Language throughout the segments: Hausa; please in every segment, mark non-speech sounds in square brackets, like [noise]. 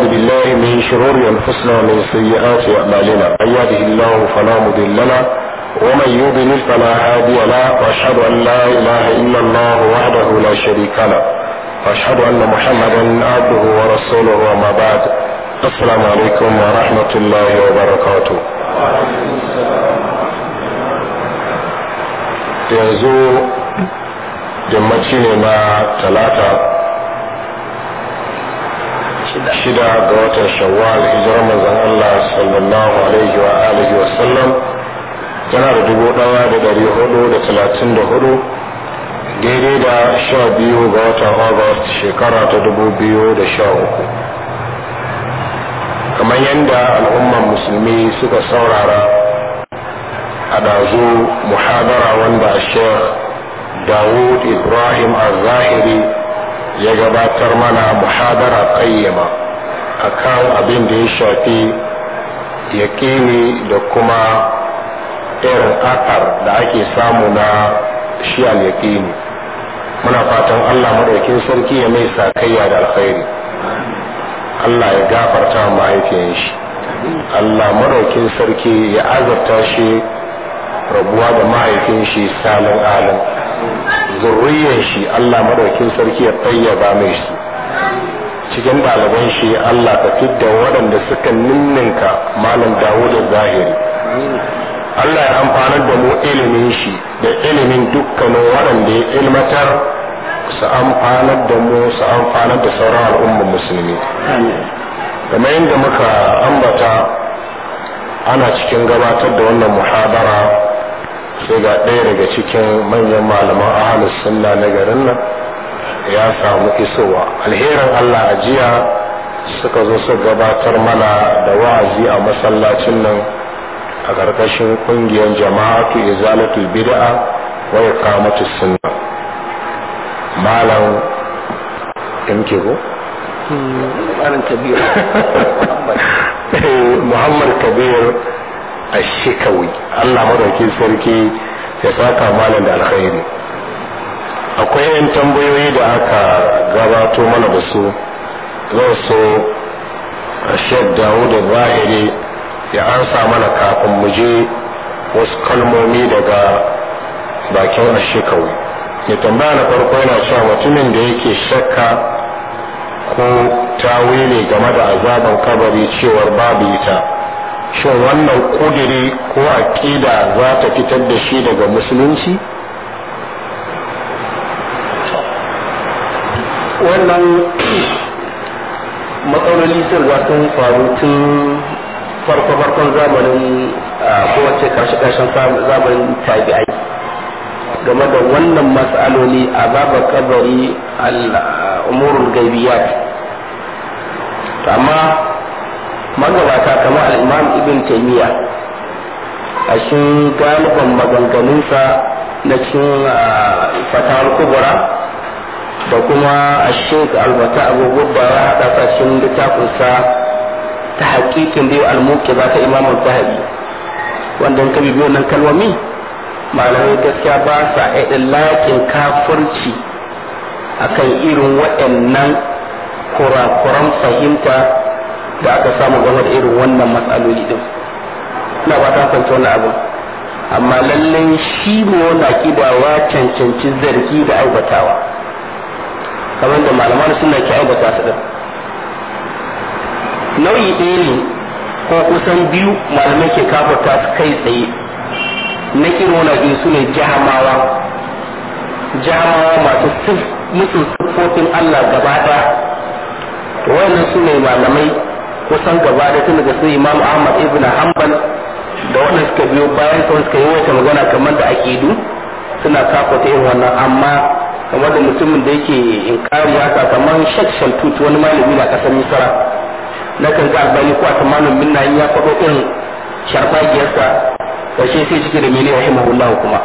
ونعوذ بالله من شرور انفسنا ومن سيئات اعمالنا من يهده الله فلا مضل له ومن يضلل فلا هادي له واشهد ان لا اله الا الله وحده لا شريك له واشهد ان محمدا عبده ورسوله وما بعد السلام عليكم ورحمه الله وبركاته يزور yammaci ما ثلاثه shida ga watan shawwal hijirar manzon Allah sallallahu alaihi wa alihi wa sallam tana da dubu ɗaya da dari hudu da talatin da hudu daidai da sha biyu ga watan August shekara ta dubu biyu da sha uku kamar yadda al'ummar musulmi suka saurara a ɗazu muhadara wanda shek Dawud Ibrahim al-Zahiri ya gabatar mana muhadara qayyima akan abin da ya shafi yaƙini da kuma irin akar da ake samu na shi yaƙini muna fatan allah maɗaukin sarki ya mai sakayya da alkhairi allah ya gafarta mahaifiyan shi allah maɗaukin sarki ya azabta shi rabuwa da mahaifin shi salin alin zurriyan shi Allah madaukin sarki ya tayyaba mai su cikin ɗaliban shi Allah ka fidda waɗanda suka ninninka malam Dawud zahiri Allah ya amfanar da mu ilimin shi da ilimin dukkanin waɗanda ya ilmatar su amfanar da mu su amfanar da sauran al'ummar musulmi kamar yadda muka ambata ana cikin gabatar da wannan muhabara sai ga ɗaya daga cikin manyan malaman ahalus sunna na garin nan ya samu isowa alherin allah a jiya suka zo su gabatar mana da wa'azi a masallacin nan a ƙarƙashin ƙungiyar jama'atu izalatul bid'a wa iqamatu sunna malam ko hmm, [laughs] eh, muhammad kabir ashikawi Allah madaukin sarki ya saka malam da alkhairi akwai yan tambayoyi da aka gabato mana da su zan so a shek dawudu zahiri ya ansa mana kafin mu je wasu kalmomi daga bakin ashikawi mai tambaya na farko yana cewa mutumin da yake shakka ko tawili game da azaban kabari cewar babu ita shin wannan kudiri ko aƙida za ta fitar da shi daga musulunci wannan matsaloli sirwa sun faru tun farko-farkon zamanin kowace karshe-karshen zamanin tabi'ai game da wannan matsaloli a baba kabari al'umurul gaibiyat amma magabata kamar al'imam ibn taimiyya a cikin galibin maganganunsa na cikin ah, fatawar kubura da kuma a shek albata ba ya haɗa ta cikin littafinsa ta hakikin biyu almuke ba ta imam al-zahabi wanda ka bibiyo nan kalmomi malamai gaskiya ba sa ɗin laƙin kafirci akan irin waɗannan kurakuran fahimta da aka samu game da irin wannan matsaloli din ina ba ta kwanci wannan abu amma lallai shi ne wanda wa cancanci zargi da aibatawa kamar da malaman suna ke aibata su din nau'i ɗaya ne ko kusan biyu malamai ke kafarta su kai tsaye na irin wannan biyu su ne jahamawa jahamawa masu musu siffofin Allah gaba ɗaya wannan su ne malamai kusan gaba da tun daga sun imam ahmad ibn hanbal da wanda suka biyo bayan sa suka yi wata magana kamar da akidu suna kafa ta irin wannan amma kamar da mutumin da yake inkari haka kamar shek shaltut wani malami na kasar misra na kan ga albani ko a tamanin minna ya faɗo irin sharfagiyarsa kashe sai cike da mene rahimahullahu kuma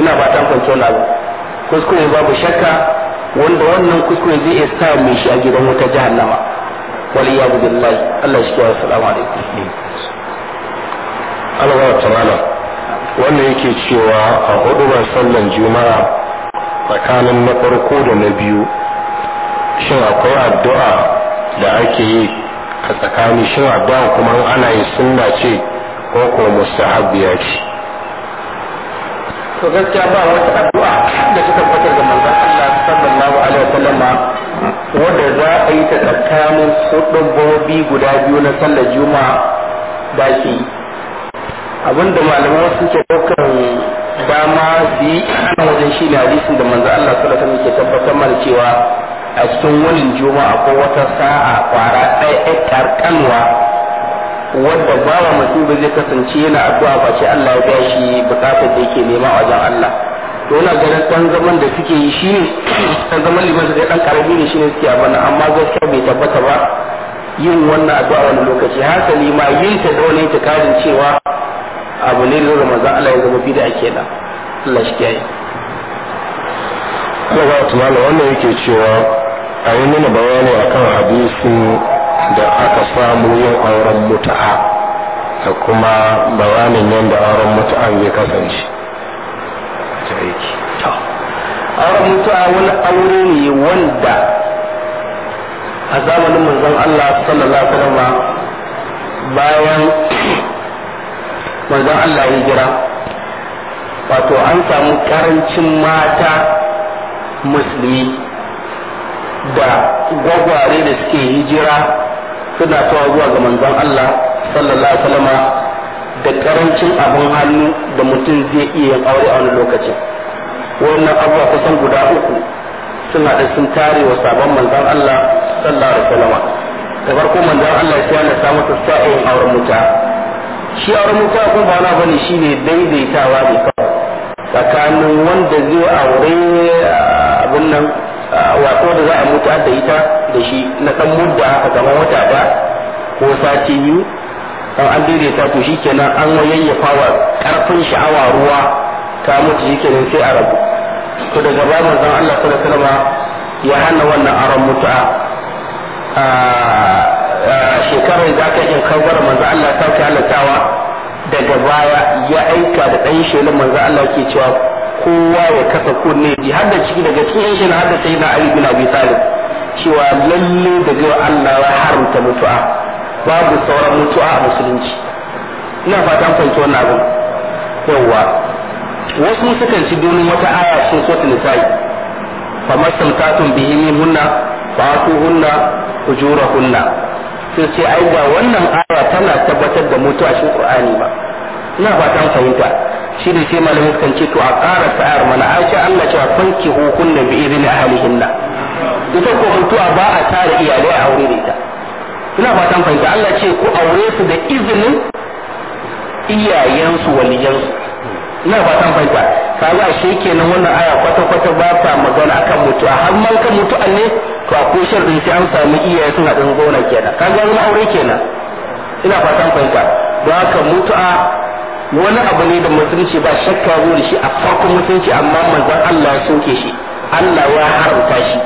ina ba ta kwanci wani abu kuskure babu shakka wanda wannan kuskure zai iya sa mai shi a gidan wata jahannama wali ya bugun lai Allah shi kiwa salamu alaikum alwa tamala wannan yake cewa a ba sallan juma'a tsakanin na farko da na biyu shin akwai addu'a da ake yi a tsakani shin addu'a kuma ana yi sunna ce ko ko mustahabbiya ce to gaskiya ba wata addu'a da ta tabbatar da manzon Allah sallallahu alaihi wasallam wadda za a yi ta tsakanin hudubobi guda biyu na sallar juma'a da abinda malamai suke daukan dama su yi ana wajen shi ne hadisin da manzo Allah sallallahu alaihi ke tabbatar mana cewa a cikin wannan juma'a ko wata sa'a kwara ɗaya karkanwa wadda bawa mutum zai kasance yana addu'a ba ce Allah ya ba shi bukatar da yake nema wajen Allah to ina ganin dan zaman da suke yi shine dan zaman liman da dan karami ne ne suke abin amma gaskiya bai tabbata ba yin wannan addu'a wani lokaci hasali ma yin ta da wani itikadin cewa abu ne da za Allah ya zama bid'a da Allah shi kiyaye Allah ta mala wannan yake cewa a yi nuna bayani akan hadisin da aka samu yin auren mutu'a da kuma bayanin yadda auren mutu'an ya kasance gare ki to auren mutuwa wani aure ne wanda a zamanin manzon Allah sallallahu alaihi wasallam bayan [clears throat] manzon Allah ya jira wato an samu karancin mata musulmi da gwagware da suke hijira suna tawa zuwa ga manzon Allah sallallahu alaihi wasallam da karancin abin hannu da mutum zai iya yin aure a wani lokaci. wannan abuwa kusan guda uku suna da sun tare wa sabon manzan Allah sallallahu alaihi wasallam da farko manzan Allah ya na a yin auren muta shi auren muta kun ba na bane shine daidaitawa ne kawo. tsakanin wanda zai aure ah, abin nan ah, wato da za a muta da ita da shi na dan mudda haka kamar wata ba ko sati biyu dan an daidaita to shikenan an yayyafa wa karfin sha'awa ruwa ta mutu shikenan sai a rabu to daga baya manzon Allah sallallahu alaihi wasallam ya hana wannan aron mutu'a a shekarar da aka yi kawar manzo Allah sauke halattawa daga baya ya aika da ɗan shelin manzo Allah ke cewa kowa ya kasa kunne ji har da ciki daga cikin shelin har da sai na Ali bin Abi Talib cewa lalle daga Allah ya haramta mutu'a babu sauran mutuwa a musulunci ina fatan fahimci wannan abin yawwa wasu sukan ci domin wata aya sun so ta nisa'i fa mastamtatun bihi hunna fa ujura hunna sai ce ai ga wannan aya tana tabbatar da mutuwa cikin qur'ani ba ina fatan fahimta shi ne sai malamin sukan ce to a ƙara sa'ar mana a ce Allah cewa fankihu hukunna bi idni ahlihinna ita ko mutuwa ba a tare iyalai a aure da ita ina fatan fahimta Allah ce ku aure su da izinin iyayensu waliyansu ina fatan fahimta kaga ashe kenan wannan aya kwata kwata ba ta magana akan a har man kan a ne to a ko sharri sai an samu iyaye suna ɗin gona kenan kaga zama aure kenan ina fatan fahimta don haka a wani abu ne da musulunci ba shakka zuwa shi a farkon musulunci amma manzon Allah ya soke shi Allah ya haramta shi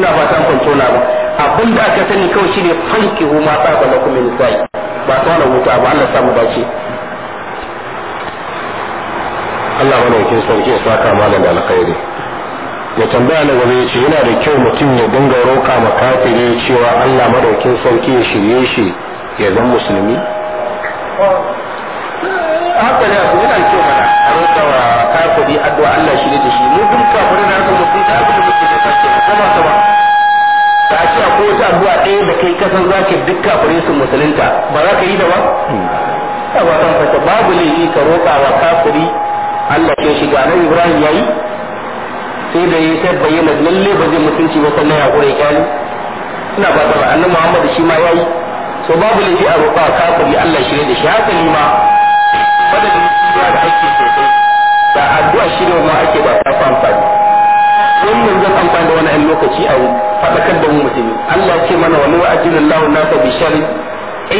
ina fatan fahimta na ba abin da aka sani kawai shine fanki huma tsaba na kuma nisa'i ba wani wuta ba Allah samu dace Allah mana yake sarki ya saka malam da alkhairi ya tambaya na gaba ya ce yana da kyau mutum ya dinga roƙa ma kafiri cewa Allah madaukin sarki ya shirye shi ya zama musulmi haka ne abu yana kyau mana a roƙa wa kafiri addu'a Allah shirye da shi mu duk kafirin na ga mutum da abin da mutum ya sake ba ba kai kasan za ka duk kafirin su musulunta ba za ka yi da ba hmm. a watan fata babu laifi ka roƙa wa kafiri Allah ke shiga nan Ibrahim yayi sai da ya bayyana lalle ba zai mutunci ba sannan ya kure kyali ina ba da annabi Muhammad shi ma yayi so babu laifi a roƙa kafiri Allah shi da shi haka ni ma fada da ya da ake sosai da addu'a shi ne ma ake ba ta fa amfani wannan zan amfani da wani lokaci a wuri fadakar da mu mutumi Allah ce mana wani wa ajilin lahu na bi shari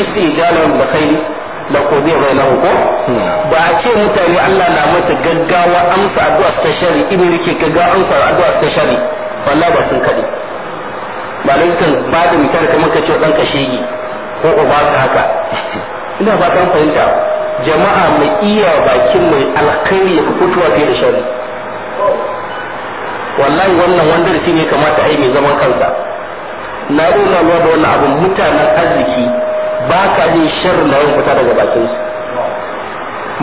isi jalan da kai da ko zai bai lahu ko ba a ce mutane Allah na masa gaggawa amsa addu'a ta shari ibi yake gaggawa amsa addu'a ta shari wallahi ba sun kade ba lai kan ba da mutane kamar ka ce dan ka shege ko uba ka haka ina ba kan fahimta jama'a mai iya bakin mai alkhairi ya fitowa fiye da shari wallahi wannan wanda da ne kamata a yi mai zaman kansa na nuna ruwa da wannan abin mutanen arziki ba ka jin sharri na fita daga bakinsu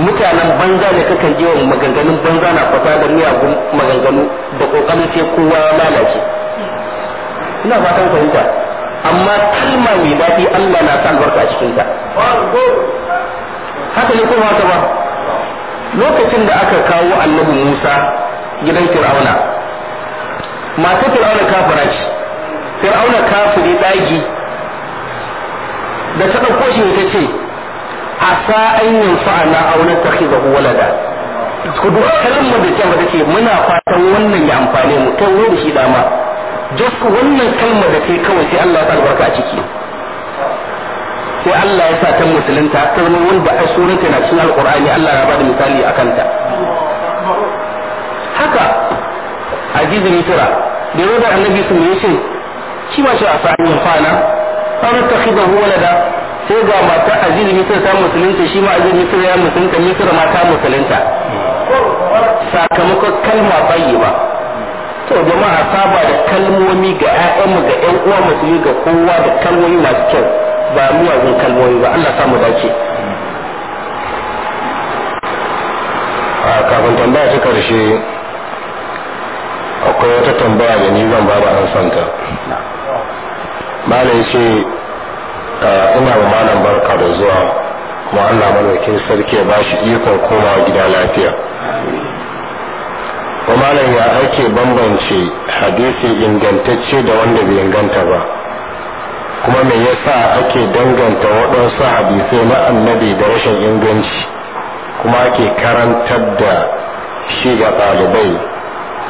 mutanen banza ne kakan je wa maganganun banza na fata da miyagun maganganu da kokarin sai kowa ya lalace ina fatan fahimta amma kalma mai daɗi Allah na sa albarka a cikinta. haka ne kuma haka ba lokacin da aka kawo annabi Musa gidan Fir'auna masu fir'auna kafira ce fir'auna kafiri dagi da ta ɗauko shi ta ce a sa an yin fa'ana aunar ta ke zahu walada ku duk kalmar da kyau ta take muna fatan wannan ya amfane mu kai wani shi dama just wannan kalmar da ta kawai sai Allah ya sa albarka a ciki sai Allah ya sa ta musulunta ta wani wanda a surunta na cikin alkur'ani Allah ya ba da misali a kanta haka عزيز misra da yau da annabi sun ya ce shi ma shi a sa'ayin fana an ta khida huwa sai ga mata ajizin misra ta musulunta shi ma ajizin misra ya musulunta misra ma ta sakamakon kalma ba. to jama'a saba da kalmomi ga 'ya'yanmu ga 'yan uwa musulmi ga kowa da kalmomi masu kyau ba miyagun kalmomi ba Allah samu dace kafin tambaya ta karshe akwai wata tambaya da ni zan baba an santa malam ce ah, ina ma malam barka da zuwa kuma Allah madaukin sarki ya bashi iko komawa gida lafiya wa malam ya ake bambance hadisi ingantacce da wanda bai inganta ba kuma me yasa ake danganta waɗansu hadisai na annabi da rashin inganci kuma ake karantar da shi ga ɗalibai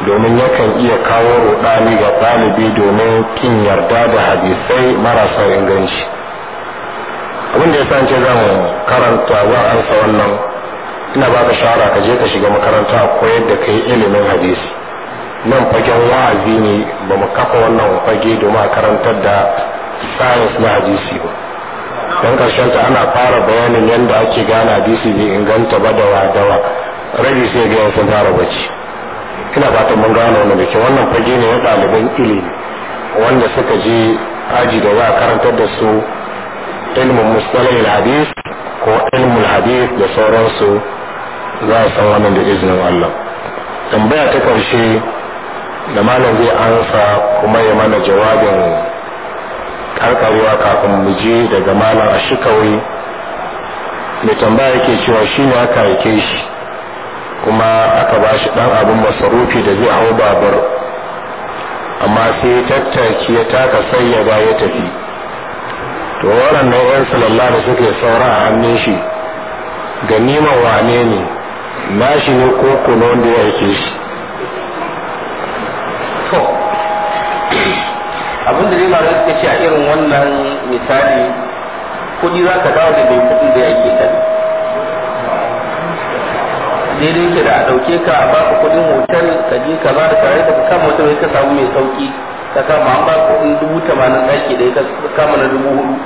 domin yakan iya kawo rudani ga ɗalibi domin kin yarda da hadisai marasa inganci abin da ya san ce zan karanta za ansa wannan ina ba ka ka je ka shiga makaranta a koyar da kai ilimin hadisi nan fagen wa'azi ne ba mu kafa wannan fage domin a karantar da science na hadisi ba don karshen ta ana fara bayanin yadda ake gane hadisi bai inganta ba da wadawa rabi sai ga sun fara bacci ina fatan mun gano wannan da ke wannan fage ne na ɗaliban ilimi wanda suka je aji da za a karantar da su ilmin mustalahil hadis ko ilmin hadis da sauransu za a san wannan da izinin Allah tambaya ta ƙarshe da malam zai ansa kuma ya mana jawabin karkarewa kafin mu je daga malam a shikawai mai tambaya yake cewa shi ne aka aike shi kuma aka ba shi ɗan abin masarufi da zai hau babur amma sai tattaki ya taka sai ya ga ya tafi to waɗannan 'yan salalla da suke saura a hannun shi ganiman wane ne nashi ne ko kuna wanda ya ke. shi to abin da rima da suka ce a irin wannan misali kudi za ka dawo da bai kudin da ya ke ta daidai ke da a ɗauke ka a ku kuɗin hotel ka je ka ba da tare da kama wata mai ka samu mai sauki ka kama an ba kuɗin dubu tamanin ɗaki da ka kama na dubu hudu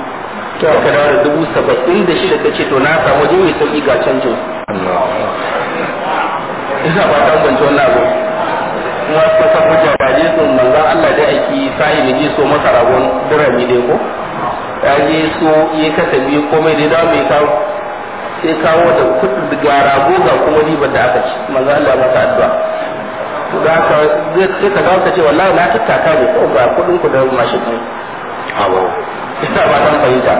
to ka dawo da dubu saba'in da shida ka ce to na samu waje mai sauki ga canjin ina ba ta gwanci wannan abu kuma kusa hujja ba je sun manzan Allah dai aiki sa'i ne je so masa ragon birane dai ko ya je so ya kasa biyu komai da mai kawo sai kawo da kudi gara goga ga kuma ribar da aka ci manzo Allah ya masa addu'a to da ka sai ka zaka ce wallahi na tattaka ne ko ga kudin ku da mashin ne awo ita ba ta fahimta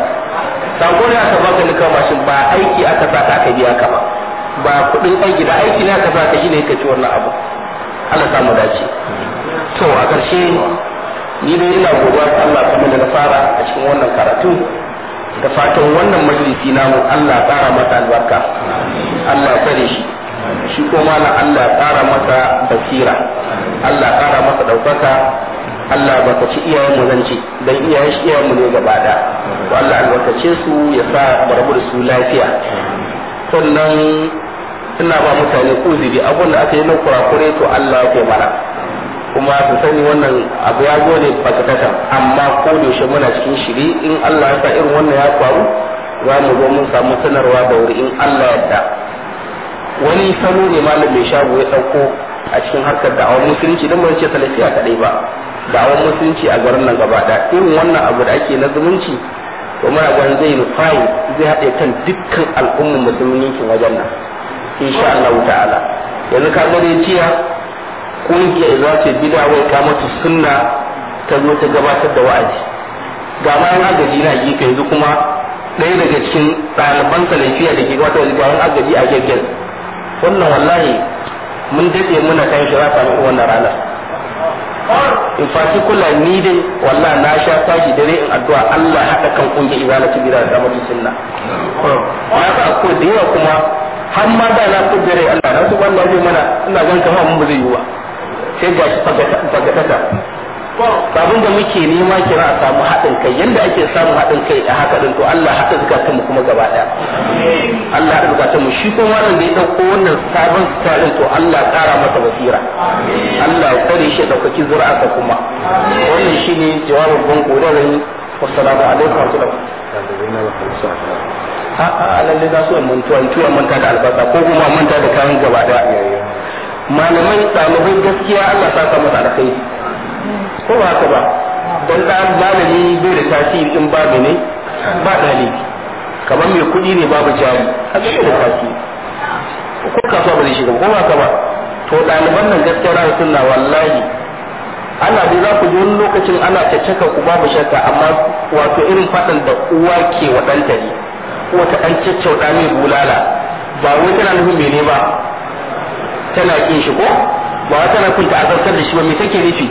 sako ne aka baka ni kan mashin ba aiki aka saka aka biya ka ba ba kudin aiki gida aiki ne aka saka shi ne ka ci wannan abu Allah samu dace to a ƙarshe ni dai ina godiya ga Allah kamar da na fara a cikin wannan karatu da fatan wannan majalisi namu Allah tsara masa albarka Allah tsare shi shi ko na Allah tsara masa basira Allah tsara masa ɗaukaka Allah ba ka ci iyayen mu zance dan iyayen shi iyayen mu ne gaba da to Allah albarkace su ya sa mu su lafiya sannan ina ba mutane uzuri abin da aka yi na kurakure to Allah ya kai mana kuma su sani wannan abu ya zo ne bakatatan amma ko da yaushe muna cikin shiri in Allah ya sa irin wannan ya faru za mu zo mun samu sanarwa da wuri in Allah ya da wani salo ne malam mai shago ya dauko a cikin harkar awon musulunci don ba ce salafiya kadai ba da awon musulunci a garin nan gaba da irin wannan abu da ake na zumunci to muna ganin zai yi nufayi zai haɗe kan dukkan al'ummar musulmin yankin wajen nan insha Allah ta'ala yanzu ka gani jiya kungiyar za ta bida wai kamata sunna ta zo ta gabatar da wa'azi ga bayan agaji na gefe yanzu kuma ɗaya daga cikin ɗaliban salafiya da ke wata bayan agaji a gefen wannan wallahi mun daɗe muna kan shi za ta wannan ranar in fati kula ni dai wallah na sha tashi dare in addu'a Allah haɗa kan kungiyar ibada ta bid'a da mutu sunna na ka ko da yawa kuma har ma da na kudare Allah na su wallahi mana ina gan kamar mun ba zai yi ba sai ga fagatata babin da muke nema kira a samu haɗin kai yadda ake samun haɗin kai a haka din to Allah haɗa zukatan mu kuma gaba ɗaya Allah haɗa zukatan mu shi kuma wannan da ya ɗauko wannan sabon tsarin to Allah ƙara masa basira Allah ya kare shi ɗaukaki zuri'arsa kuma wannan shi ne jawabin ban da rani wassalamu alaikum wa rahmatullahi a'a lalle za su mantuwa mantuwa manta da albasa ko kuma manta da kayan gaba ɗaya malamai ɗalibai gaskiya Allah ta samu da kai ko ba haka ba dan da malami bai da tasiri in ba ne ba ɗalibi kamar mai kuɗi ne babu jari a gaske da tasiri ko kasuwa ba zai shiga ko ba haka ba to ɗaliban nan gaskiya na sunna wallahi ana dai za ku ji wani lokacin ana ta caka ku babu shakka amma wato irin faɗin da uwa ke wa ɗanta ne wata ta ɗan caccauɗa mai bulala ba wai tana nufin mene ba tana kin shi ko ba tana kun ta azabtar da shi ba me take nufi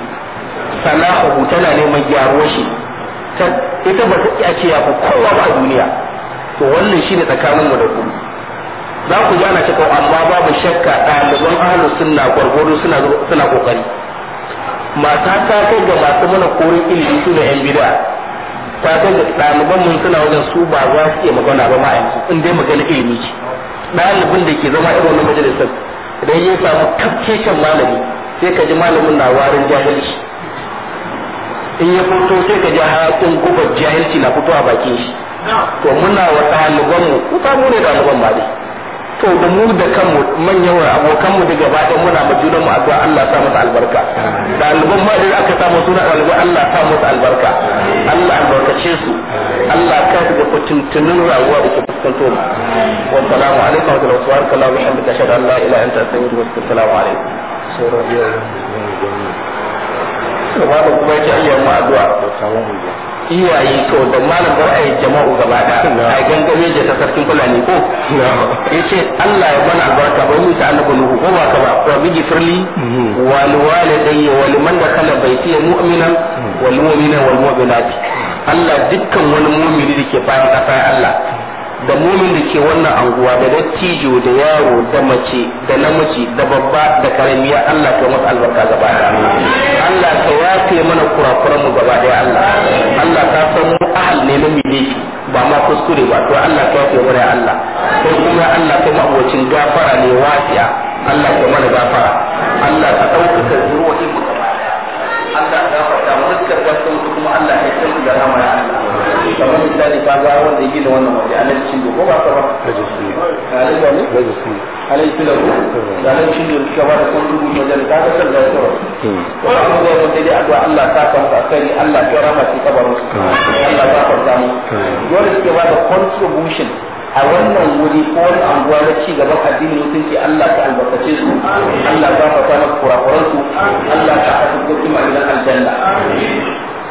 sana'ahu tana neman gyaruwar shi ita ba ta iya ce ya ku kowa ba a duniya to wannan shine tsakanin mu da ku za ku ji ana amma babu shakka ɗaliban ahlus sunna gwargwado suna suna kokari mata ta kai ga masu mana korin ilimi su da yan bid'a ta kai ga ɗaliban mun suna wajen su ba za su iya magana ba ma in dai magana ilimi ce ɗalibin da ke zama irin wannan majalisar idan ya samu kafkeken malami sai ka ji malamin na warin jahilci in ya fito sai ka ji hayakin gubar jahilci na fito a bakin shi to muna wa mu ku samu ne ɗaliban ba dai to da mu da kanmu manyan abokanmu da gaba ɗan muna ma junan mu addu'a Allah sa musu albarka ɗaliban ma da aka samu suna ɗaliban Allah sa musu albarka Allah albarkace su Allah ka su ga fitintunin rayuwa da ke fuskanto mu wa salamu alaikum wa rahmatullahi wa barakatuhu wa hamdika shada Allah ila anta wa alaikum da kuma iwaye to da malam bar ai jama'u gaba da ai [laughs] gangame da sarkin fulani ko yace Allah ya bana albarka ba mu ta annabi nuhu ko ba ka ba wa biji firli mm-hmm. wa walidayya wa liman dakala baiti mu'minan mm. wal mu'mina wal mu'minat mm. Allah dukkan wani mu'mini da ke bayan kasa Allah da mumin da ke wannan anguwa da dattijo da yaro da mace da namiji da babba da karamiya Allah ka masa albarka gaba daya Allah ka yafe mana kurakuran mu gaba da Allah Allah ka san mu ahal ne na miliki ba ma kuskure ba to Allah ka yafe mana Allah ko kuma Allah ka mabocin gafara ne wasiya Allah ka mana gafara Allah ka ɗaukaka zuwa mu gaba daya Allah ka gafarta mu dukkan wasu kuma Allah ya san da ramar Allah kamar misali ka ga wanda yake da wannan waje alal cindo ko ba ka ba alal mm. da ne alal cindo da alal cindo ka ba da kun rubuta da ka ga san da to ko mm. abu da mun dai addu'a Allah ta kan ka kai Allah ya rama shi kabarin mm. Allah ta farka mu dole suke ba da contribution a wannan wuri ko wani anguwa na ci gaban addinin mutunci Allah ka albarkace su Allah ta fata maka kurakuransu Allah ka haɗa kuma aljanna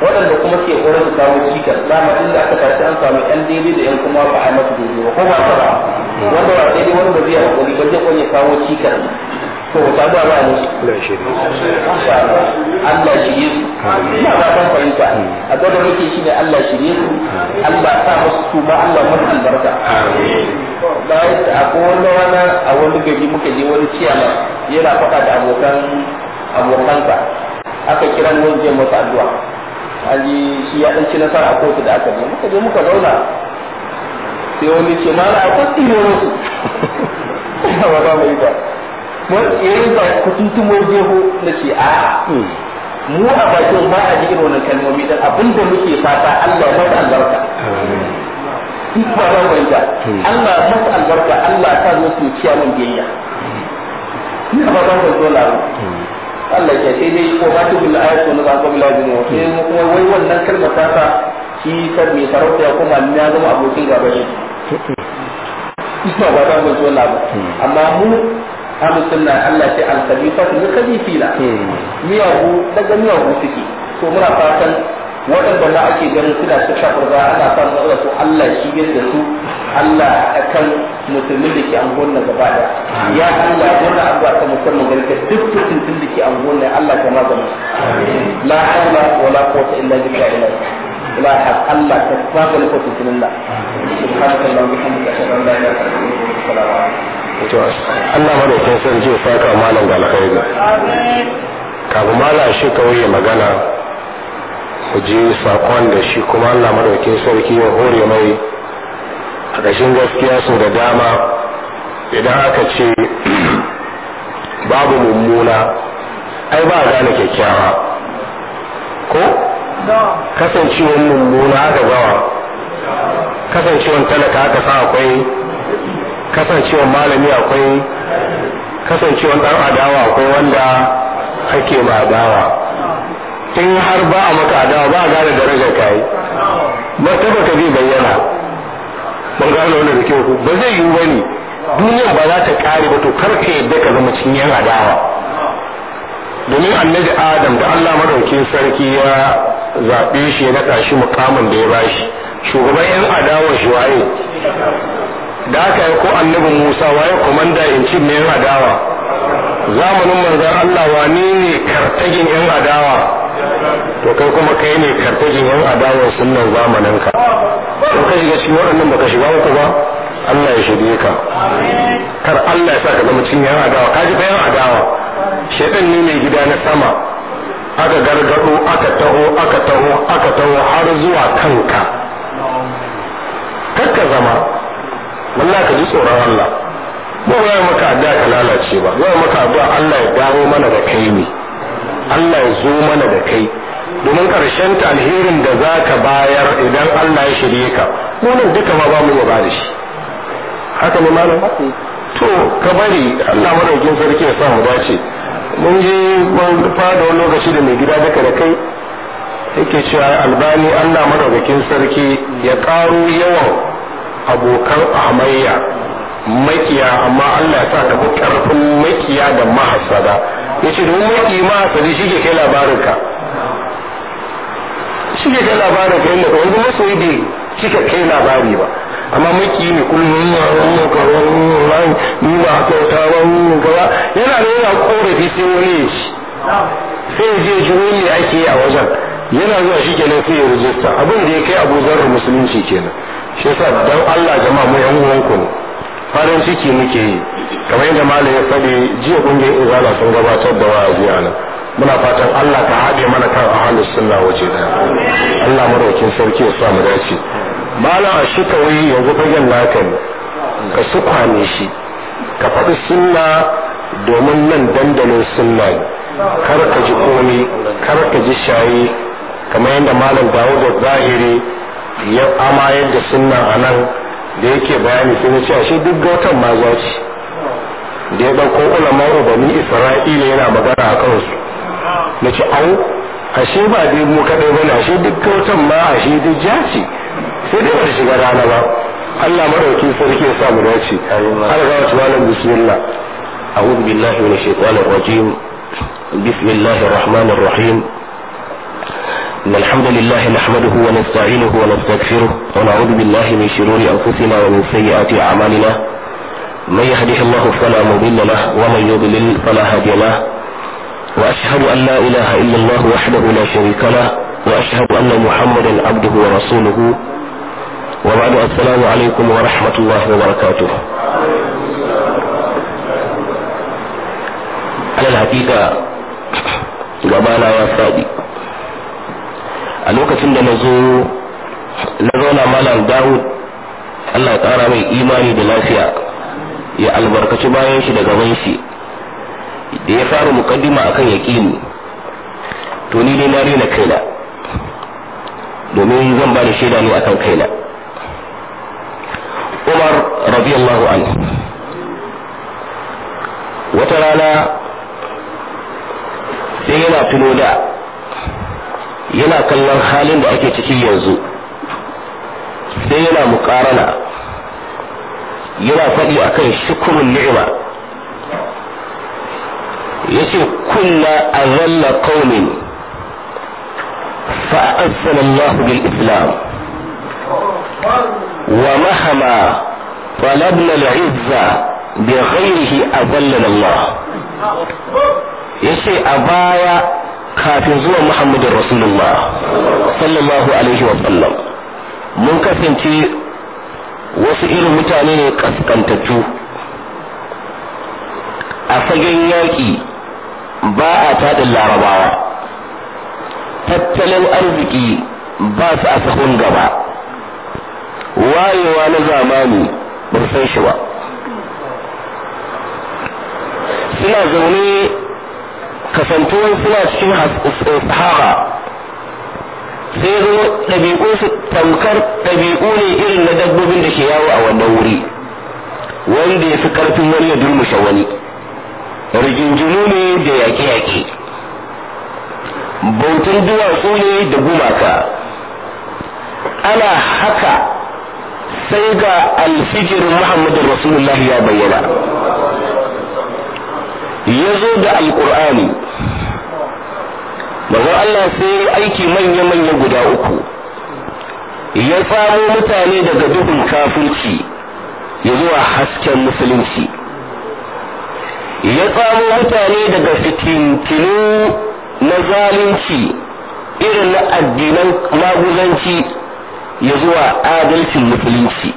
waɗanda kuma ke horar su samu cikas dama inda aka tashi an samu yan daidai da yan kuma ba a masu daidai ba ko ba ba wanda ba daidai ba zai hakuri ba zai kwanye kawo cikas to ta ba ba ne Allah shirye su ina ba san fahimta a gwada muke shine Allah shirye su Allah sa musu tuba Allah musu albarka bayan da akwai wani a wani gari muka je wani ciyama yana faɗa da abokan abokansa aka kira mun je masa addu'a aji shi ya ɗauki nasara a kotu da aka je muka je muka zauna sai wani ce mala a kwasti ne wasu [laughs] ba ba mai ba mun yi ba ku tuntumo jeho na ce a hmm. mu a bakin ba a ji irin wannan kalmomi dan da muke fata Allah ya masa albarka duk ba ba mai hmm. ba Allah ya masa albarka Allah ya sa zo su ciya mun biyayya ni ba ba mai dole Allah ya sai dai ko hatu bil ayatu na zaka bil ayatu ne sai mu kuma wai wannan kalmar ta sa shi kar mai sarauta ya ni ya zama abokin gaba ne ita ba ta mun wannan ba amma mu ahlu sunna Allah sai al khabifatu min khabifina miyagu daga miyagu suke to muna fatan waɗanda na ake ganin suna su shafar ba ana fara su su Allah shi yadda su Allah a kan musulmin da ke angon na gaba da ya Allah a abuwa ta musamman ka duk mutuntun da ke angon na Allah ta magana la haula wala quwwata illa la ila hak Allah ta magana ko tuntunin la subhanallahi walhamdulillahi ashhadu an la ilaha illa anta astaghfiruka to Allah madaukakin sarki ya saka malam da alkhairi kafin malam shi kawai magana ku je sakon da shi kuma Allah madaukin sarki ya hore mai a ƙashin gaskiya su da dama idan aka ce [clears throat] babu mummuna ai ba gane kyakkyawa ko kasancewar mummuna aka gawa kasancewar talaka aka sa akwai kasancewar malami akwai kasancewar dan adawa akwai wanda ake ma adawa in har ba a maka adawa ba a gane darajar kayi martaba ka zai bayyana ban gane wani da kyau ba zai yiwu ba ne duniyar ba za ta kare ba to kar ka yadda ka zama cikin yan adawa domin annabi adam da allah madaukin sarki ya zaɓe shi ya naɗa shi mukamin da ya bashi shugaban yan adawa shi waye da aka yi ko annabi musa waye komanda in ci mai yan adawa zamanin manzan allah wani ne kartagin yan adawa to kai kuma kai ne kartajin yan adawar sunnan zamanin ka to kai shiga cikin waɗannan baka shiga uku ba Allah ya shige ka kar Allah ya sa ka zama cikin yan adawa ka ji yan adawa shedan ne mai gida na sama aka gargado aka taho aka taho aka taho har zuwa kanka ka zama wallahi ka ji tsoron Allah ba wai maka adda ka lalace ba wai maka addu'a Allah ya dawo mana da kai ne Allah ya zo mana da kai domin karshen ta alherin da za ka bayar idan Allah ya shirye ka wannan duka ma ba mu ba da shi haka ne malam to ka bari Allah madaukin sarki ya sa mu dace mun je mun fada wani lokaci da mai gida daka da kai yake cewa albani Allah madaukin sarki ya karo yawan abokan amayya makiya amma Allah ya sa ka karfin makiya da mahasada yace domin ma mahasadi shi ke kai ka. shi ke kai labarin kai da wanda masoyi bai cika kai labari ba amma maki ne kullum ya wannan karon rai ni ba kyauta ba wannan kawa yana da yana korafi sai wani ya sai je ji wani ake a wajen yana zuwa shi kenan sai ya rijista abin da ya kai abu zarar musulunci kenan shi yasa dan Allah jama'a mu yan uwan ku farin ciki muke yi kamar yadda malam ya faɗi jiya kungiyar izala sun gabatar da wa'azi a nan muna fatan Allah ka haɗe mana kan ahalus sunna waje daya Allah maraukin sarki ya sa mu dace malam a shi wuyi yanzu fagen naka ne ka su kwane shi ka faɗi sunna domin nan dandalin sunna kar ka ji komi kar ka ji shayi kamar yadda malam dawo da zahiri ya ama yadda sunna a nan da yake bayani suna ce shi duk gautan ma za ce da ya ɗauko ulama bani isra'ila yana magana a kansu na ce au ashe ba dai mu kaɗai ba ashe duk ma ashe duk jaci sai dai shiga rana ba Allah sarki ya sa mu dace har ga malam bismillah أعوذ بالله من الشيطان الرجيم بسم الله الرحمن الرحيم إن الحمد لله نحمده ونستعينه ونستغفره ونعوذ بالله من شرور أنفسنا ومن سيئات أعمالنا من يهده الله فلا مضل له ومن يضلل فلا هادي له وأشهد أن لا إله إلا الله وحده لا شريك له وأشهد أن محمدا عبده ورسوله وبعد السلام عليكم ورحمة الله وبركاته على الحقيقة gabana ya faɗi a lokacin da na zo na zauna malam dawud allah ya ƙara mai imani da lafiya ya albarkaci bayan shi da gaban shi da ya fara mukaddima akan yaqini to ni dai na rena kaina domin zan ba da shaida ne akan kaina Umar radiyallahu anhu wata rana sai yana tuno da yana kallon halin da ake ciki yanzu sai yana mukarana yana faɗi akan shukurun ni'ima yace kunna azalla qaumin fa arsala Allah bil islam wa mahama talabna al izza bi a azallana Allah yace a baya kafin zuwa Muhammadu Rasulullah sallallahu alaihi wa sallam mun kasance wasu irin mutane ne kaskantattu a fagen yaƙi ba a taɗin larabawa tattalin arziki ba su a sahun gaba wayewa na zamani ba san shi ba suna zaune kasantuwan suna cikin sahara sai zo ɗabi'u su tamkar ɗabi'u ne irin na dabbobin da ke yawo a wannan wuri wanda ya fi ƙarfin wani ya durmushe wani rigingimu ne da yaƙe-yaƙe bautan duwatsu ne da gumaka ana haka sai ga alfijir muhammadu rasulullah ya bayyana ya zo da alkur'ani daga Allah sai ya aiki manya-manya guda uku ya samo mutane daga duhun kafirci ya zuwa hasken musulunci ya kawo mutane daga fitintinu na zalunci irin na addinan maguzanci ya zuwa adalcin musulunci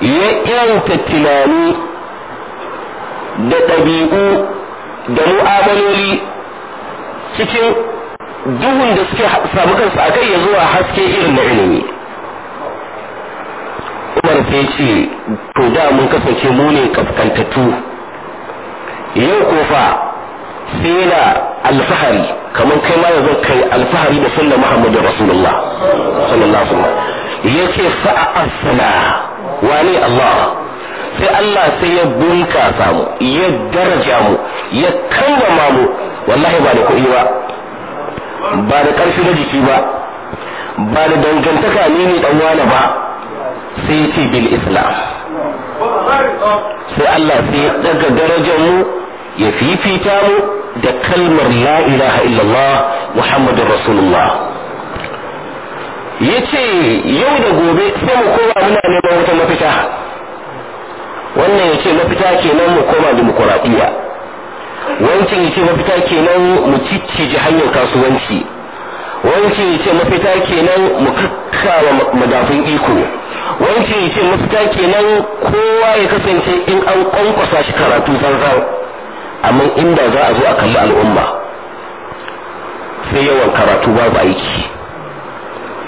ya yanta tunani da ɗabi'u da mu'amaloli cikin duhun da suke samu kansu a kai ya zuwa haske irin na ilimi umar sai ce to da mun kasance mu ne kaskantattu yau ko fa sai na alfahari kamar kai ma yanzu kai alfahari da sunna Muhammadu Rasulullah sallallahu alaihi wasallam yace fa asna wani Allah sai Allah sai ya bunkasa mu ya daraja mu ya kallama mu wallahi ba da kuɗi ba ba da ƙarfi na jiki ba ba da dangantaka ni ne dan wani ba sai ya ce bil islam sai Allah sai ya daga darajar mu ya fifita mu da kalmar la ilaha illallah muhammadun rasulullah ya ce yau da gobe sai mu koma muna neman wata mafita wannan ya ce mafita kenan mu koma dimokuraɗiyya wancan ya ce mafita kenan mu cicciji hanyar kasuwanci wancan ya ce mafita kenan mu kakkawa madafin iko wancan ya ce mafita kenan kowa ya kasance in an kwankwasa shi karatu zanzan amma inda za a zo a kalli al'umma sai yawan karatu babu aiki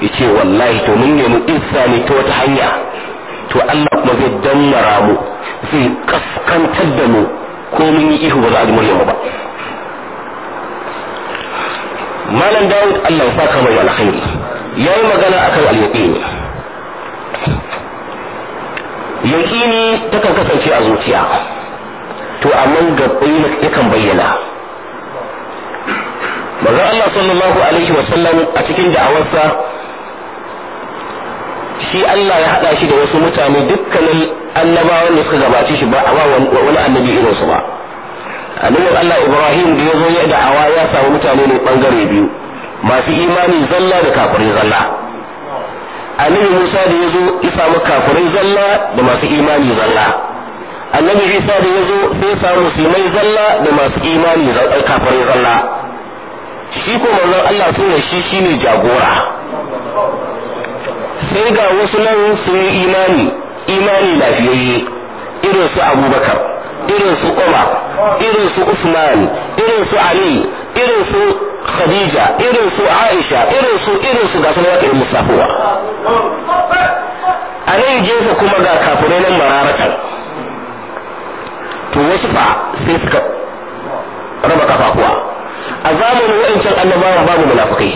ya ce wallahi to mun nemi izza ne ta wata hanya to Allah kuma zai dammara mu zai kaskantar da mu ko mun yi ihu ba za a ji muryar ba malam dawud Allah ya saka mai alkhairi yayi magana akan al ne. Yaƙini takan kasance a zuciya to amma gabbai yakan bayyana maza Allah sallallahu alaihi wa sallam a cikin da'awarsa shi Allah ya haɗa shi da wasu mutane dukkanin annabawan da suka gabace shi ba a wani annabi irin su ba annabin Allah Ibrahim da ya zo ya da'awa ya samu mutane ne bangare biyu masu imani zalla da kafirin zalla annabi Musa da ya zo ya samu kafirin zalla da masu imani zalla annabi isa da ya zo sai ya samu musulmai zalla da masu imani kafirai zalla shi ko manzon Allah sun da shi shine jagora sai ga wasu nan sun yi imani imani lafiyayye irin su abubakar irin su umar irin su usman irin su ali irin su khadija irin su aisha irin su irin su gasar wata irin musafuwa a nan jefa kuma ga kafirai nan mararatan to wasu fa sai suka raba kafa kuwa a zamanin wa'ancan annabawa babu munafukai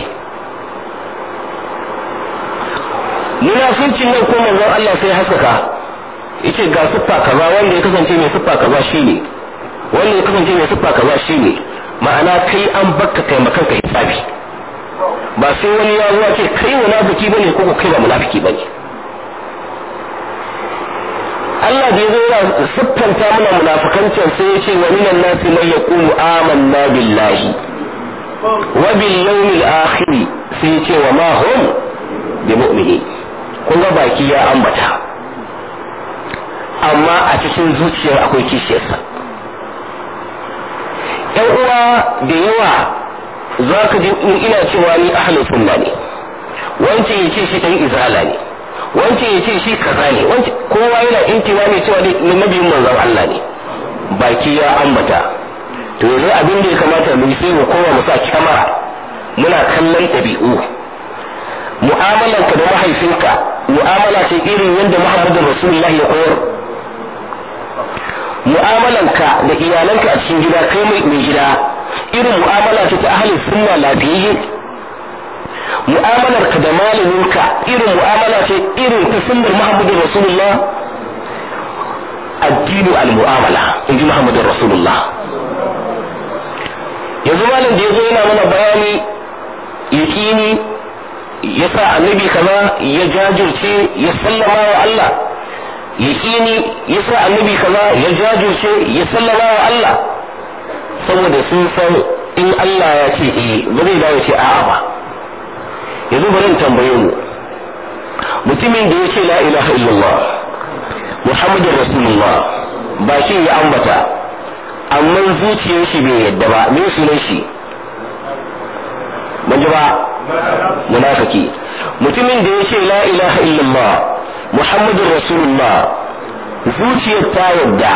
munafincin nan ko manzon Allah sai haskaka yace ga siffa kaza wanda ya kasance mai siffa kaza shine wanda ya kasance mai siffa kaza shine ma'ana kai an bakka kai makan ka hisabi ba sai wani ya zuwa ce kai munafiki bane ko kai ba munafiki bane Allah da yazo ya siffanta mana munafikancin sai yace wa minan nasi man yaqulu amanna billahi wa bil yawmil akhir sai yace wa ma hum bi mu'mini kun ga baki ya ambata amma a cikin zuciyar akwai kishiyarsa ‘yan uwa da yawa za ka ji ina cewa ni ahlus sunna ne wancan ya shi ɗan izala ne wance ya ce shi kaza ne wance kowa yana intiwa ne cewa dai nabiyin manzon Allah ne baki ya ambata to yanzu abin da ya kamata mu sai mu kowa mu sa kyamara muna kallon ɗabi'u mu'amalanka da mahaifinka mu'amala ce irin yadda Muhammadu rasulullahi ya koyar mu'amalanka da iyalanka a cikin gida kai mai gida irin mu'amala ce ta ahalin sunna lafiyayye mu'amalar ka da malaminka irin mu'amala ce irin ta sunnar muhammadu rasulullah addinu al-mu'amala in ji muhammadu rasulullah yanzu malam da ya zo yana mana bayani yaƙini ya sa annabi kaza ya jajirce ya sallama wa Allah yaƙini ya sa annabi kaza ya jajirce ya sallama wa Allah saboda sun san in Allah ya ce eh ba zai dawo ce a'a ba yanzu bari in tambaye mu mutumin da ya ce la ilaha illallah muhammadin rasulullah ba shi ya ambata amma zuciyar shi bai yadda ba me sunan shi ban ji ba munafiki mutumin da ya ce la ilaha illallah muhammadin rasulullah zuciyar ta yadda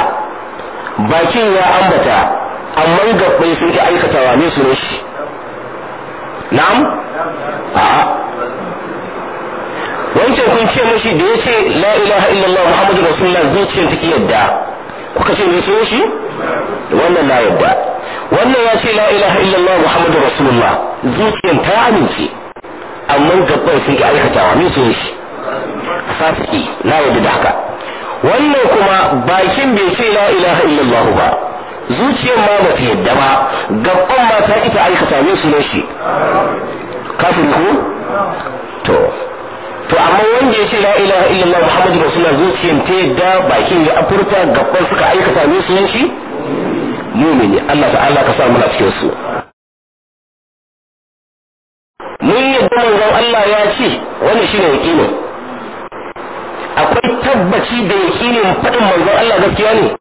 bakin ya ambata amma gabbai sun ki aikatawa me sunan shi na'am a'a wancan kun ce mashi da ya ce la ilaha illallah muhammadu rasulullah zuciyar take yadda kuka ce mai so shi wannan na yadda wannan ya ce la ilaha illallah muhammadu rasulullah zuciyar ta amince amma gabban sun ki aikatawa mai so shi fasiki na yadda da haka wannan kuma bakin bai ce la ilaha illallah ba zuciyar ma ba ta yadda ba gaban ba ta ita aikata ne su ne shi kafin ku to to amma wanda ya ce la ilaha illallah muhammadu rasulullah zuciyar ta yadda bakin ya afurta gaban suka aikata ne su ne shi mumini Allah ta'ala ka sa muna cikin su mun yadda manzon Allah ya ce wannan shine yakinin akwai tabbaci da yakinin faɗin manzon Allah gaskiya ne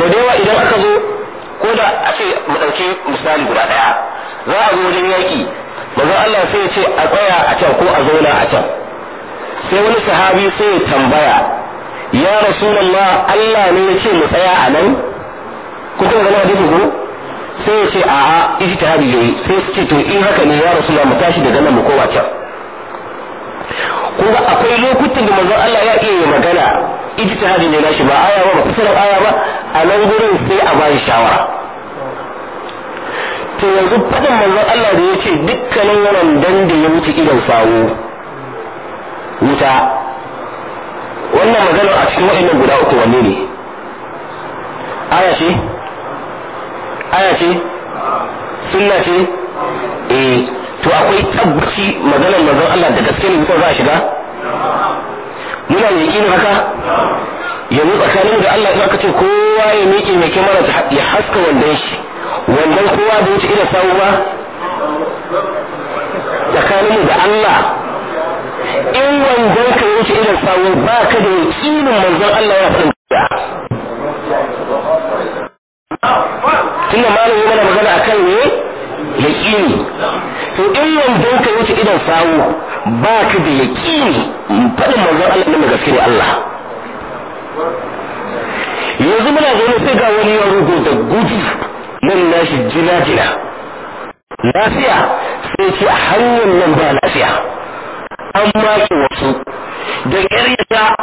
so da yawa idan aka zo ko da a ce mu ɗauke misali guda ɗaya za a zo wajen yaƙi manzon Allah sai ya ce a tsaya a can ko a zauna a can sai wani sahabi sai ya tambaya ya rasulullah Allah ne ya ce mu tsaya a nan ku kuma gana hadisi ko sai ya ce a'a ta ijtihadi yayi sai su ce to in haka ne ya rasulullah mu tashi daga nan mu koma can kuma akwai lokutan da manzon Allah ya iya magana ijtihadi ne nashi ba aya ba ba kusurar aya ba a nan gurin sai a bayi shawara to yanzu fadin manzon Allah da yace dukkanin wannan dande ya wuce idan sawo wuta wannan magana a cikin wannan guda uku wanne ne aya ce aya ce sunna ce eh to akwai tabbaci maganar manzon Allah da gaske ne ko za a shiga muna da yaƙinin haka yanzu tsakanin da Allah in aka ce kowa ya miƙe mai kyamara ya haska wandon shi wandon kowa da wuce irin sawu ba tsakanin da Allah in wandon ka ya wuce irin sawu ba ka da yaƙinin manzon Allah ya faɗin da tunda malamin mana magana akan ne yaƙini to in yanzu ka wuce idan sawu ba ka da yaƙini faɗin manzon Allah ne gaske ne Allah yanzu muna zaune sai ga wani ya rugo da gudu nan nashi jina jina lafiya sai ce hanyar nan ba lafiya an make wasu da ƙarya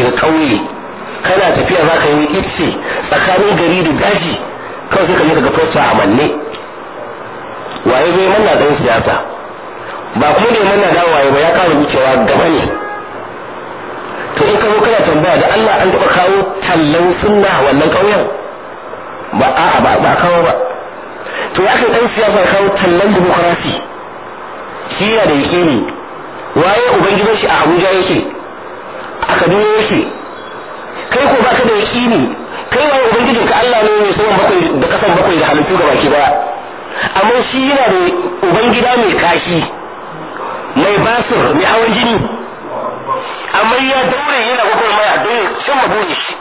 fil kauye kana tafiya za ka yi itse tsakanin gari da daji kawai sai ka je daga fosta a manne waye zai manna ɗan siyasa ba kuma da manna da waye ba ya kawo wucewa gaba ne to in ka zo kana tambaya da Allah an taɓa kawo tallan sunna a wannan ƙauyen ba a'a ba ba kawo ba to ya kai ɗan siyasa kawo tallan demokarasi shi yana da yake ne waye ubangijin shi a Abuja yake a kaduna shi kai ko baka da kai wa ubangijin ka Allah ne mai saman bakwai da kasan bakwai da halittu ga baki daya amma shi yana da ubangida mai kashi mai basir mai hawan jini amma ya daure yana gwagwarmaya don ya cimma burin shi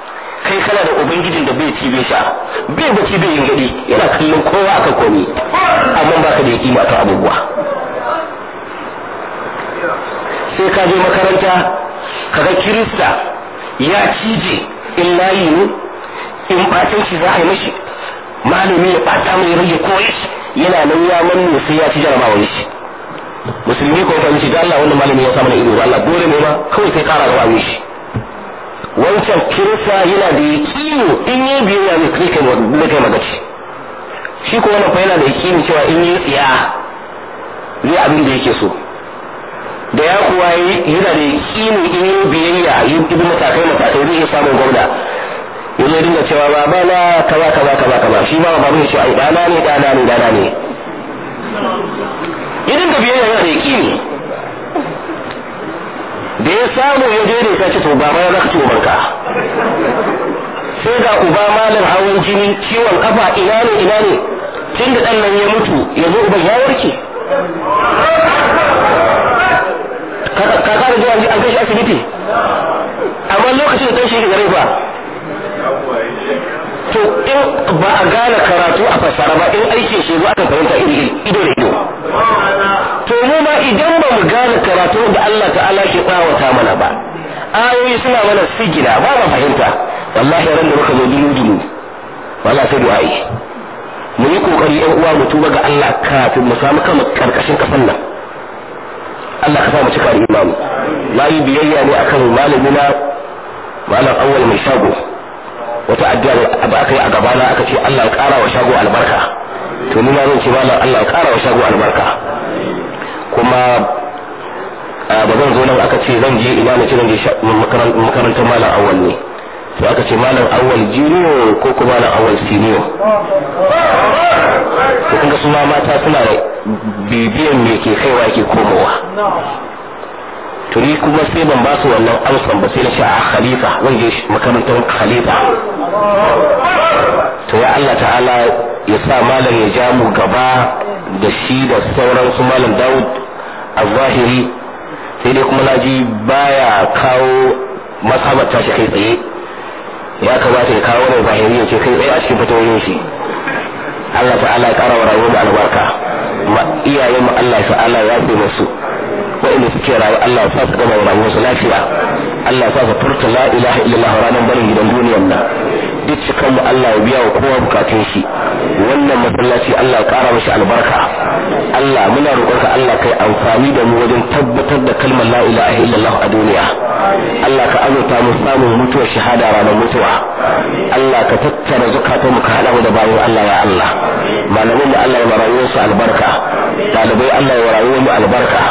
kai kana da ubangijin da bai ci sha bai bacci bai yin gadi yana kallon kowa akan komi amma baka da yaƙini ta abubuwa sai ka je makaranta kaga kirista ya cije in layi ne in batanci za a yi mashi malami ya bata mai rage koyi yana nan ya manne sai ya ci jarabawar shi musulmi ko fahimci da Allah wannan malami ya samu ido Allah gore ne ma kawai sai kara gaba shi wancan kirista yana da yakini in yi biyayya ne kai kai kai magaci shi ko wannan fa yana da yakini cewa in yi tsiya zai abin da yake so da ya kuwa yana da yakinin in biyayya yin ibi matakai matakai zai iya samun gwamna ya ya dinga cewa ba bana kaza kaza kaza kaza shi ba ba mai cewa ai dana ne dana ne dana ne ya dinga biyayya yana da kini da ya samu ya je ya ce to ba ma ya zaka ci ka? sai ga uba malin hawan jini ciwon kafa ina ne ina ne tun da ɗan nan ya mutu yanzu uban ya warke ka fara zuwa an kai shi asibiti amma lokacin da tashi gare ba to in ba a gane karatu a fassara ba in aiki shi ba aka fahimta iri ido da ido to mu ma idan ba mu gane karatu da Allah ta'ala ke tsawata mana ba ayoyi suna mana sigina ba ba fahimta wallahi ran da muka zo dinu dinu wala sai du'ai mu yi kokari yan uwa mu tuba ga Allah kafin mu samu kama karkashin kafan nan Allah ka sa mu cika imani na yi biyayya ne akan malami na malam awwal mai shago wata addu'a da aka yi a gabana aka ce Allah ya kara wa shago albarka to ni ma zan ce malam Allah ya kara wa shago albarka kuma ba zan zo nan aka ce zan je ina na ce zan je makarantar malam awwal ne to aka ce malam awal junior ko kuma malam awal senior to kun ga su ma mata suna da bibiyan me ke kaiwa ke komowa to ni kuma sai ban ba su wannan amsan ba sai na ce a khalifa wanda ya makarantar khalifa to ya Allah ta'ala ya sa malam ya ja mu gaba da shi da sauran su malam Dawud al-Zahiri sai dai kuma naji baya kawo mas'abar tashi kai tsaye ya kamata ya kawo mai zahiri ya ce kai tsaye a cikin fatoyin shi Allah ta'ala ya kara wa rayuwar albarka ma iyayen mu Allah ta'ala ya fi musu wa'inda suke rayu Allah ya sa su gama rayuwar su lafiya Allah ya sa su furta la ilaha illallah ranar barin gidan duniyar nan duk mu Allah ya biya wa kowa bukatun shi wannan masallaci Allah ya kara mashi albarka Allah muna roƙonka Allah kai amfani da mu wajen tabbatar da kalmar la ilaha illallah a duniya Allah ka azurta mu samun mutuwar shahada ranar mutuwa Allah ka tattara zukatan mu ka hada mu da bayan Allah ya Allah malamin da Allah ya wa rayuwarsu albarka ɗalibai Allah ya wa rayuwar mu albarka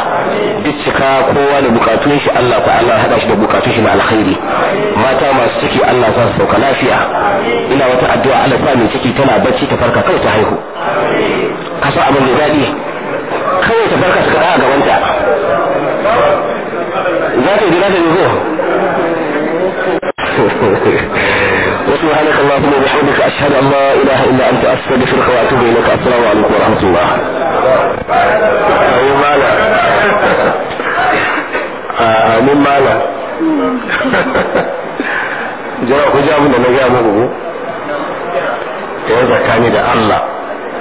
duk cika kowa da bukatun shi Allah ta'ala hada shi da bukatun shi na alkhairi mata masu ciki Allah za su sauka lafiya ina wata addu'a Allah sa mai ciki tana bacci ta farka kawai ta haihu ka sa abin da dadi kawai ta farka ta kaɗa a gabanta za ta jira da yugo وسبحانك اللهم وبحمدك أشهد أن لا إله إلا أنت أستغفرك وأتوب إليك السلام عليكم ورحمة الله أي مالا آمين مالا jira ku ji abin da na gaya muku ko ya tsakani da Allah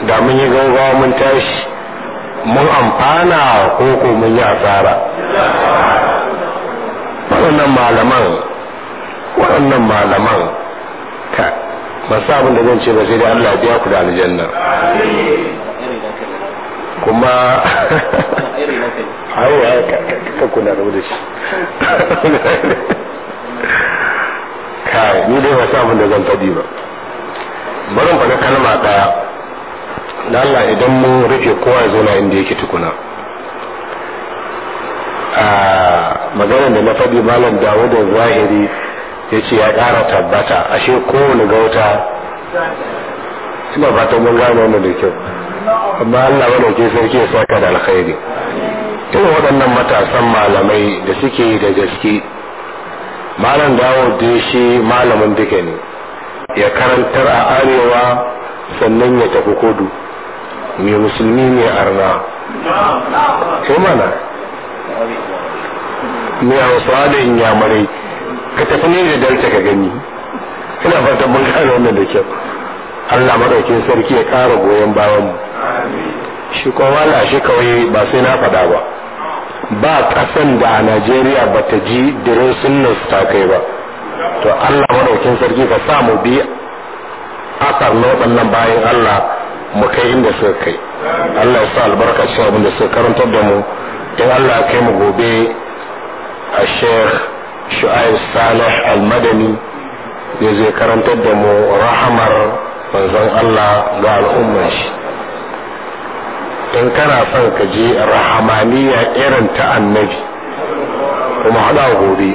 da mun yi gawa mun tashi mun amfana ko ko mun yi asara waɗannan malaman waɗannan malaman ka masu abin da zan ce ba sai dai Allah biya ku da aljanna kuma haiwa [laughs] ka kuna rabu shi [laughs] kai ni dai ba sa da zan faɗi ba bari faɗi kalma ɗaya da Allah idan mun rufe kowa ya zauna inda yake tukuna a maganar da na faɗi malam dawo da zahiri ya ce ya ƙara tabbata ashe kowane gauta ina fatan mun gane wannan da kyau amma Allah ke sarki ya saka da alkhairi irin waɗannan matasan malamai da suke da gaske malam dawo da shi malamin duka ne ya karantar a arewa sannan ya tafi kudu mai musulmi ne arna ko mana mai hausawa da inyamurai ka tafi ne da dalta ka gani ina fata mun gane wannan da kyau Allah madaukin sarki ya kara goyon bayan mu shi kuma wala shi kawai ba sai na faɗa ba ba kasan da a najeriya ba ta ji dirin sunan su ta kai ba to allah maɗaukin sarki ka sa mu bi asar na waɗannan bayan allah mu kai inda suka kai allah ya sa albarka cikin abin da suka karantar da mu in allah ya kai mu gobe a sheikh Shu'ayi salih Al-Madani ya zai karantar da mu rahamar manzon allah ga al'ummar shi in kana son ka je rahamaniya irin ta annabi kuma hada gobe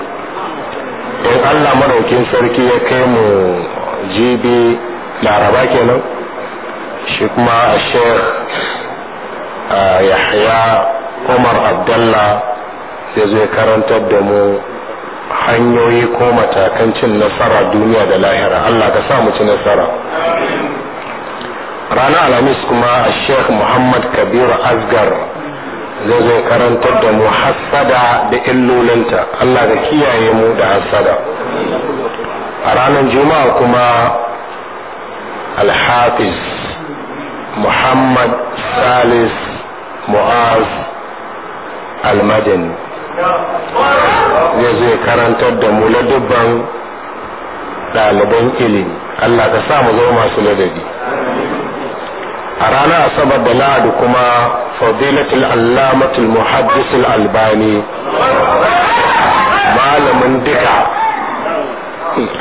in allah maraukin sarki ya kai mu jibi laraba kenan shi kuma a sheikh yahya umar abdallah ya zo karantar da mu hanyoyi ko matakan cin nasara duniya da lahira allah ka sa mu ci nasara ranar alhamis kuma sheikh muhammad kabiru asgar zai zai karantar da mu hassada da illolinta allah ka kiyaye mu da hassada a ranar juma'a kuma alhafiz muhammad salis mu'az almadani zai zai karantar da mu ladubban ɗaliban ilimi allah ka sa mu zama masu ladabi a ranar asabar da lahadi kuma fadilatul allamatul muhaddisul albani malamin duka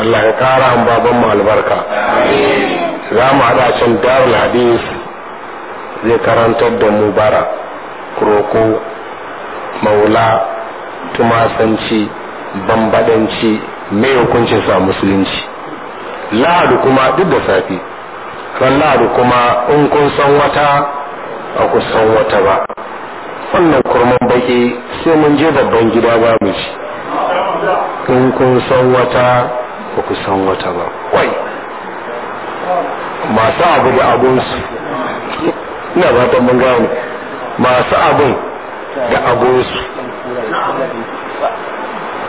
Allah ya kara an baban mu albarka za mu haɗa can darul hadis zai karantar da mu bara kuroko maula tumasanci bambadanci mai hukuncinsa musulunci lahadi kuma duk da safi wannan kuma in kun san wata a ku san wata ba wannan kurman baki sai mun je babban gida ba mu ci in kun san wata ba ku san wata ba wai masu abu da abun su ina ta mun gane masu abun da abun su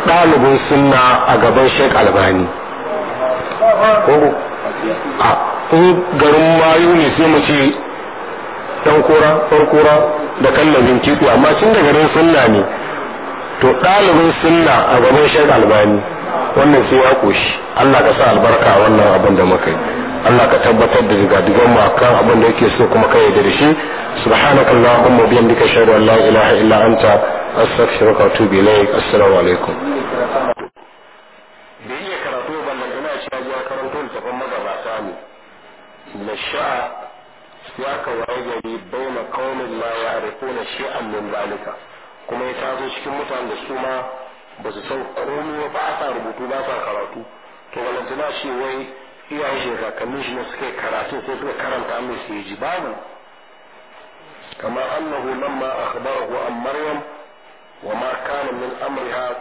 ɗalibin sunna a gaban shek albani a in garin mayu ne sai mu ce dan kura kura da kallabin kiku amma tun da garin sunna ne to ɗalibin sunna a gaban shek albani wannan sai ya koshi Allah ka sa albarka a wannan abin da muka yi Allah ka tabbatar da digadigan mu akan abin da yake so kuma kai da shi subhanakallahumma bihamdika ashhadu an la ilaha illa anta astaghfiruka wa atubu ilaik assalamu alaikum nasha'a sai aka waye gari baina qaumin la ya'rifuna shay'an min zalika kuma ya tazo cikin mutanen da su ma ba su san komai ba sa rubutu ba sa karatu to balantana shi wai iyayen shi kakannin shi ne suka karatu ko suka karanta mai su yi ji babu kamar annahu lamma akhbarahu an maryam وما كان من أمرها